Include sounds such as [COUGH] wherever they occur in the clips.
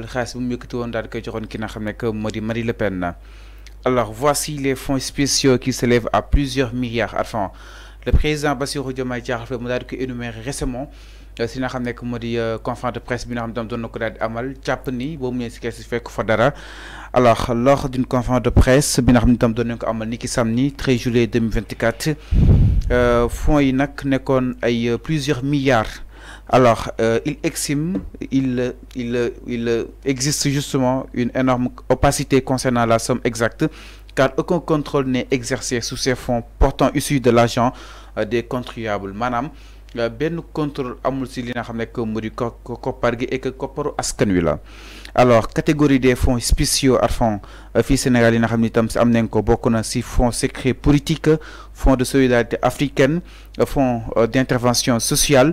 Le xaalis bu mu yëkkati woon daal di koy joxoon ki nga xam ne que moo di Marie Le Pen alors voici les fonds spéciaux qui s'élèvent à plusieurs milliards de le président Bassirou Diomaye Diakhar Faye mu daal di koy énuméré récemment euh, si nga xam ne que euh, conférence de presse bi nga xam ne doon na ko daal di amal jàpp ni boo mu ñëwee si kees si fekk fa dara alors lors d'une conférence de presse bi nga xam ne tam doon ko amal ni ki samedi 13 juillet 2024 euh, fonds yi ne nekkoon ay plusieurs milliards alors, euh, il exime, il, il, existe justement une énorme opacité concernant la somme exacte, car aucun contrôle n'est exercé sur ces fonds portant issus de l'argent euh, des contribuables. Madame, euh, ben contrôle amul si li et que askan wi alors catégorie des fonds spéciaux fonds Sénégal fonds secret politiques, fonds de solidarité africaine fonds d'intervention sociale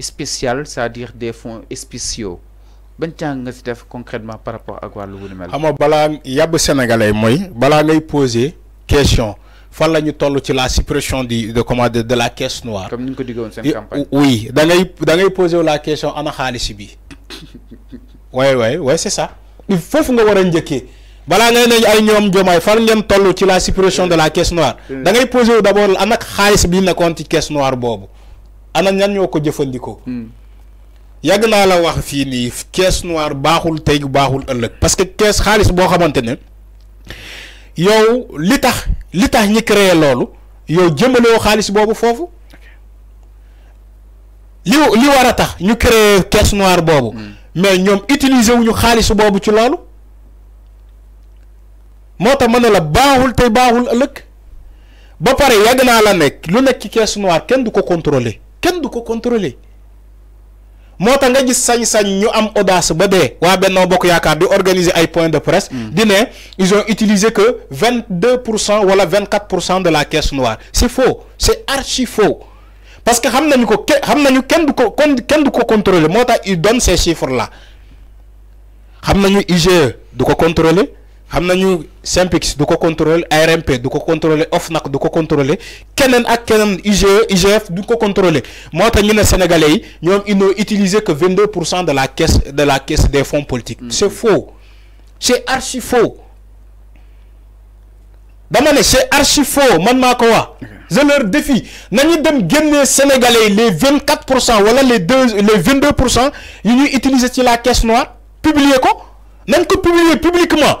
spécial c'est-à-dire des fonds spéciaux ban jàng nga si def concrètement par rapport ak wàllu wu ni mel. xam nga balaa yàbb sénégalais mooy balaa ngay poser question fan la ñu toll ci la suppression du de commande de la caisse noire. comme ni ko diggoon seen campagne. oui da ngay da ngay poser la question ana xaalis bi waaye waaye waaye c'est ça foofu nga war a njëkkee balaa ngay ne ay ñoom jomaay fan ngeen toll ci la suppression de la caisse noire hmm. da ngay poser d'abord ana xaalis bi nekkoon ci caisse noire boobu ana ñan ko hmm. la wax fi ni caisse noire tey baaxul parce que caisse xaalis bo xamantene yow li tax ñi créé lolu yow bobu fofu li li tax ñu créé caisse noire bobu hmm. mais ñom utiliser wuñu ci la baaxul ba la lu ci caisse noire du ko contrôler kenn du ko contrôler moo tax nga gis sañ-sañ ñu am audace ba dee waa Benno Bokk Yaakaar di organiser ay points de presse mm. di ils ont utilisé que 22% ou pour wala de la caisse noire c'est faux c'est archi faux parce que xam nañu ko du ko ko contrôler moo ils donnent ces chiffres là xam nañu IGE du ko contrôler nous avons Synpics du ko contrôler rmp du ko contrôler OFNAC du ko contrôler kenen ak IGF e, du ko contrôler mota sénégalais ils n'ont utilisé que 22 de la caisse de la caisse des fonds politiques. Mm. c'est faux c'est archi faux dama c'est archi faux man mako wa je leur défie nañu dem génné sénégalais les 24 voilà les deux les 22 ils utilisent la caisse noire publier ko nañ ko publié publiquement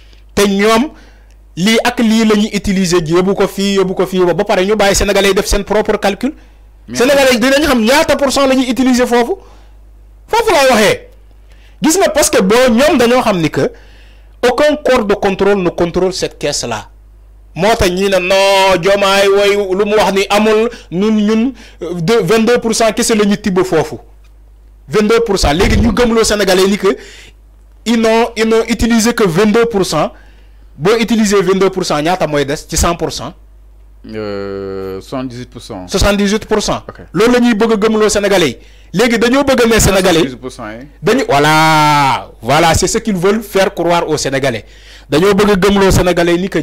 te ñoom lii ak li lañu utiliser ji yóbbu ko fi yóbbu ko fii ba paré ñu bàyyi sénégalais def sen propre calcul. sénégalais dinañ xam ñaata pourcent lañu utiliser fofu fofu la waxé gis nga parce que bo ñom dañu xam ni que aucun corps de contrôle ne contrôle cette caisse là. mota ñi na no non jomaay woy lu mu wax ni amul ñun ñun de 22 pour lañu kese fofu 22 légui cent léegi ñu gëmloo sénégalais ni que ils n'ont ils utilisé que 22 Si utiliser 22 il y a 100 78 78 pour cent. au euh, sénégalais Les sénégalais voilà voilà c'est ce qu'ils veulent faire croire aux sénégalais dañoo bëgg sénégalais ni que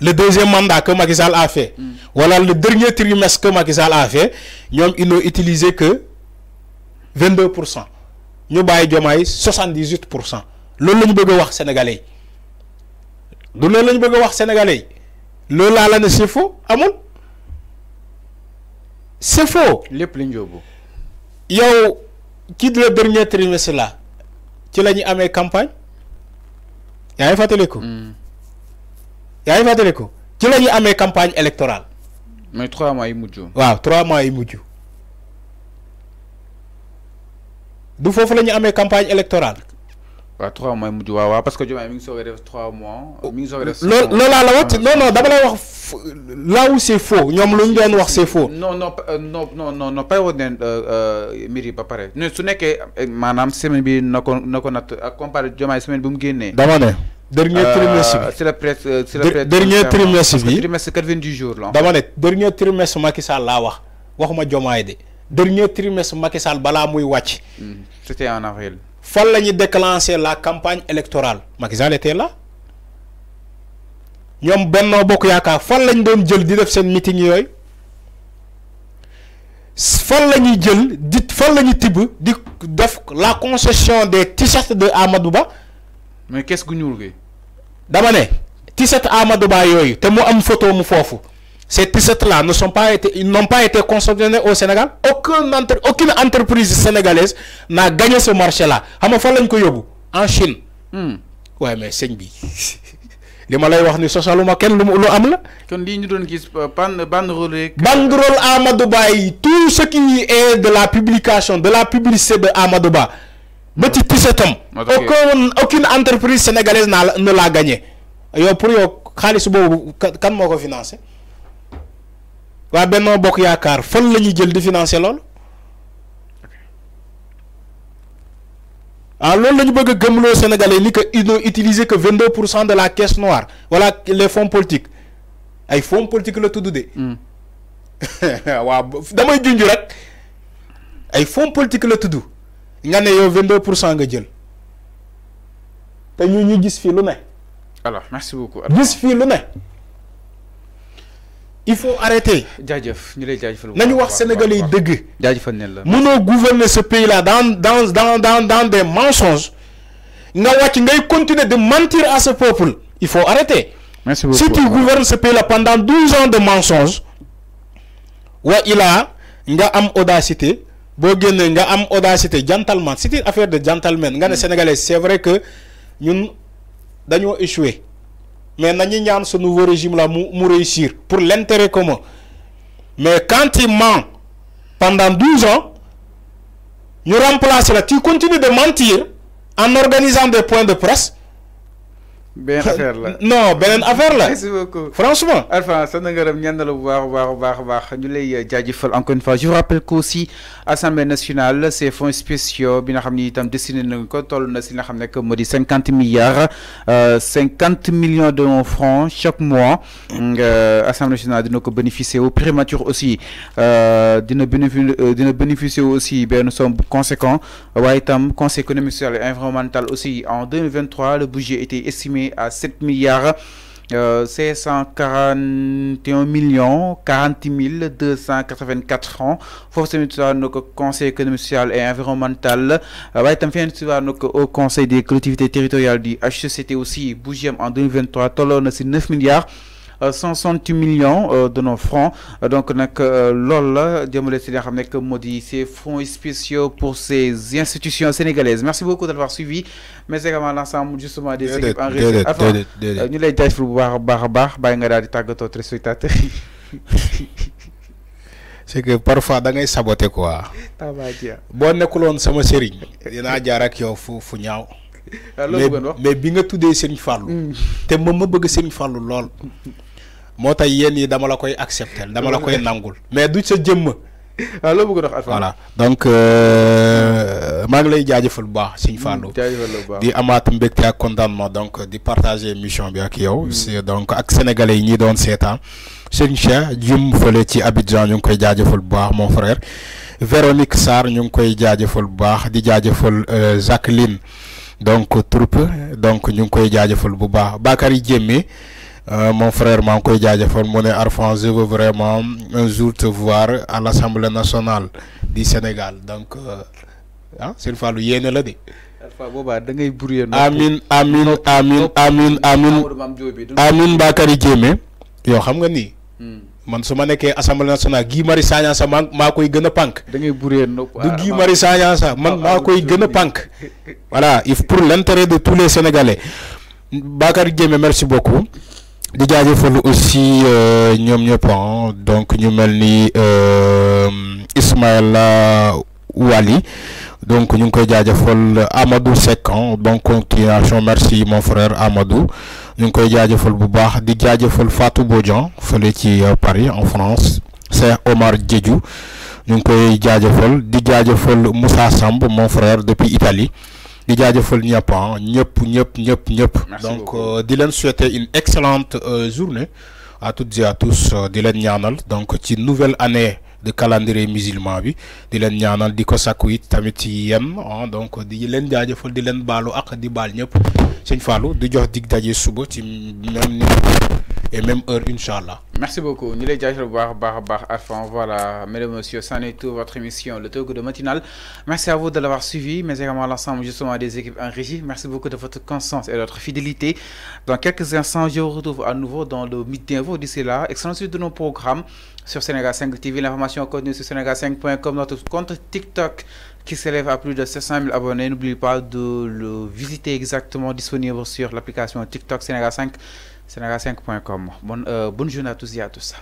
le deuxième mandat que Macky a fait. Hmm. wala le dernier trimestre que Macky a fait ils n'ont utilisé que 22 ñu bàyyi 78%. soixante dix huit pour bëgg wax sénégalais yi du loolu la bëgg wax sénégalais yi loolu la ne c'est faux amon? c'est faux. Les li ñu Yo, qui de le dernier trimestre la ci la ñu campagne yaa ngi fàttaliku. Hmm. yaa un fàttaliku ci la ñu campagne électorale. Mais trois mois yi mujj. waaw trois mois yi mujj. du fofu lañu amé campagne électorale. wa 3 mois muju wa wa parce que Diomaye mi ngi soog def 3 mois. mi ngi soog def loolu loolaa la wax non non dama lay wax là où c'est faux ñom luñ doon wax c'est faux. non non euh, non non non non euh, euh, pare euh miri ba paré ne su nekké manam semaine bi nako nako nat ak comparé Diomaye semaine bu mu génnee. dama né dernier trimestre bi c'est la presse c'est la presse dernier trimestre bi trimestre 90 jours la. dama né dernier trimestre Macky Sall la wax waxuma Diomaye de dernier trimestre Macky Sall bala muy wàcc. Hmm. c'était en avril. fallait lañu déclencher la campagne électorale Macky Sall était là ñom Benno Bokk Yaakaar fall lañ doon jël di def sen meeting yoy fall lañu jël di fall lañu tib di def la concession des t-shirts de Amadou mais qu'est-ce que ñuul gi. dama né t-shirt Amadou Ba yooyu te mu am photo mu fofu ces titres-là ne sont pas été, n'ont pas été consommés au Sénégal. Aucune, entre, aucune entreprise sénégalaise n'a gagné ce marché-là. En Chine. Mm. Ouais, mais c'est les [LAUGHS] ma lay wax ni socialement kenn lu lu am la. Ils ont ñu doon gis euh, ban banderole. banderole Amadou tout ce qui est de la publication de la publicité de Amadouba petit ba aucun aucune entreprise sénégalaise n'a, ne l'a gagné. Yo pour yo, quand boobu kan moo le wa Benno Bokk Yaakaar fan lañu jël di financer loolu ah loolu lañu bëgg gëm lo Sénégalais ni que ils n'ont utilisé que 22 de la caisse noire Voilà les fonds politiques ay fonds politiques la tudd de. Hmm. [LAUGHS] wa damay jundju rek ay fonds politiques la tudd nga né yow 22 nga jël te ñu ñu gis fi lu né alors merci beaucoup. gis fi lu né il faut arrêter Nous sénégalais yi Nous jaajëfal ce pays là dans dans dans dans dans des mensonges Nous wàcc ngay continuer de mentir à ce peuple il faut arrêter Merci beaucoup. Si tu gouvernes ce pays-là pendant 12 ans de mensonges, ouais, il a, il a une audacité, il y a am audacité, gentleman. C'est une affaire de gentleman. Les mm. Sénégalais, c'est vrai que nous avons échoué mais ce nouveau régime là pour réussir pour l'intérêt commun mais quand il ment pendant 12 ans nous remplace là, tu continues de mentir en organisant des points de presse bien affaire la non beneen affaire la. merci beaucoup franchement. Alpha sa ngërëm ñenn la bu baax a baax a baax ñu lay jaajëfal encore une fois je vous rappelle que aussi assemblée nationale ces fonds spéciaux bi nga xam ni itam destiné nañ ko toll na si nga xam ne que moo di cinquante milliards euh, cinquante millions de francs chaque mois assemblée nationale dina ko bénéficier wu primature aussi euh, dina bénéfi euh, dina bénéficier wu aussi benn somme bu conséquent waaye itam conseil économique social et environnemental aussi en deux mille vingt trois le budget était estimé à 7 milliards. Euh, 641 millions 40 284 francs pour ce conseil économique social et environnemental et euh, au conseil des collectivités territoriales du HCCT aussi bougiem en 2023 tolonne 9 milliards 168 euh, millions euh, de nos francs euh, donc nous fonds spéciaux pour ces institutions sénégalaises merci beaucoup d'avoir suivi mais également l'ensemble justement des équipes en [LAUGHS] c'est que parfois da quoi. mais moo tax yéen yi dama la koy accepter dama la koy nangul mais du sa jëmm. waaw [LAUGHS] ah, loo bëgg a wax voilà donc euh, maa ngi lay jaajëfal bu baax Sëñ hmm, Fallou di amaat mbégte ak contentement donc di partager mission bi ak yow. Hmm. donc ak sénégalais yi ñi doon seetaan. Sëñ Cheikh jum fële ci Abidjan ñu ngi koy jaajëfal bu baax mon frère Véronique Sarr ñu ngi koy jaajëfal bu baax di jaajëfal euh, Jacqueline donc troupe donc ñu ngi koy jaajëfal bu baax baakar yi Diémé. Euh, mon frère maa ngi koy jaajëfal mu ne Arfan je veux vraiment un jour te voir à l'Assemblée nationale du Sénégal donc c'est euh, ah, le Fallou yéene la de. Arfan Amin, da ngay Amin, Amin, Amin. Amin amiin amiin amiin Bakary Diémé. yow xam nga nii. Hmm. man suma ma assemblée nationale Guy Mari Sagna sa ma maa koy gën da ngay brouillé nopp du ah, Guy Marius Sagna sax man maa koy gën voilà il pour l'intérêt de tous les Sénégalais Bakary Diémé merci beaucoup di jaajëfal aussi euh, ñom ñëpp hein. donc ñu melni euh Ismaïla Wali donc ñu koy jaajëfal Amadou Seck hein. donc continuation merci mon frère Amadou ñu koy jaajëfal bu baax di jaajëfal Fatou Bodian feulé ci euh, Paris en France C'est Omar Djedjou ñu koy jaajëfal di Moussa Samb mon frère depuis Italie di jaajëfal ñëpp ah ñëpp ñëpp ñëpp donc euh, di leen souhaiter une excellente euh, journée à toutes et à tous euh, di leen ñaanal donc ci nouvelle année. de calendrier musulman bi di leen ñaanal di ko sakku it ah, donc di leen jaajëfal di leen baalu ak di bal ñëpp sëñ Fallou di jox dig daje suba ci même et même heure inchallah merci beaucoup ni lay jaajëfal à voilà mesdames messieurs c'en tout votre émission le Togo de matinal. merci à vous de l'avoir suivi mais également l'ensemble justement des équipes en régie merci beaucoup de votre conscience et de votre fidélité dans quelques instants je vous retrouve à nouveau dans le midi vous d'ici là excellente suite de nos programmes sur Sénégal 5 TV l'information continue sur sénégal5.com notre compte TikTok qui s'élève à plus de 700 000 abonnés. N'oubliez pas de le visiter exactement disponible sur l'application TikTok Sénégal 5. Sénégal5.com bon euh, bonne journée à tous et à tous.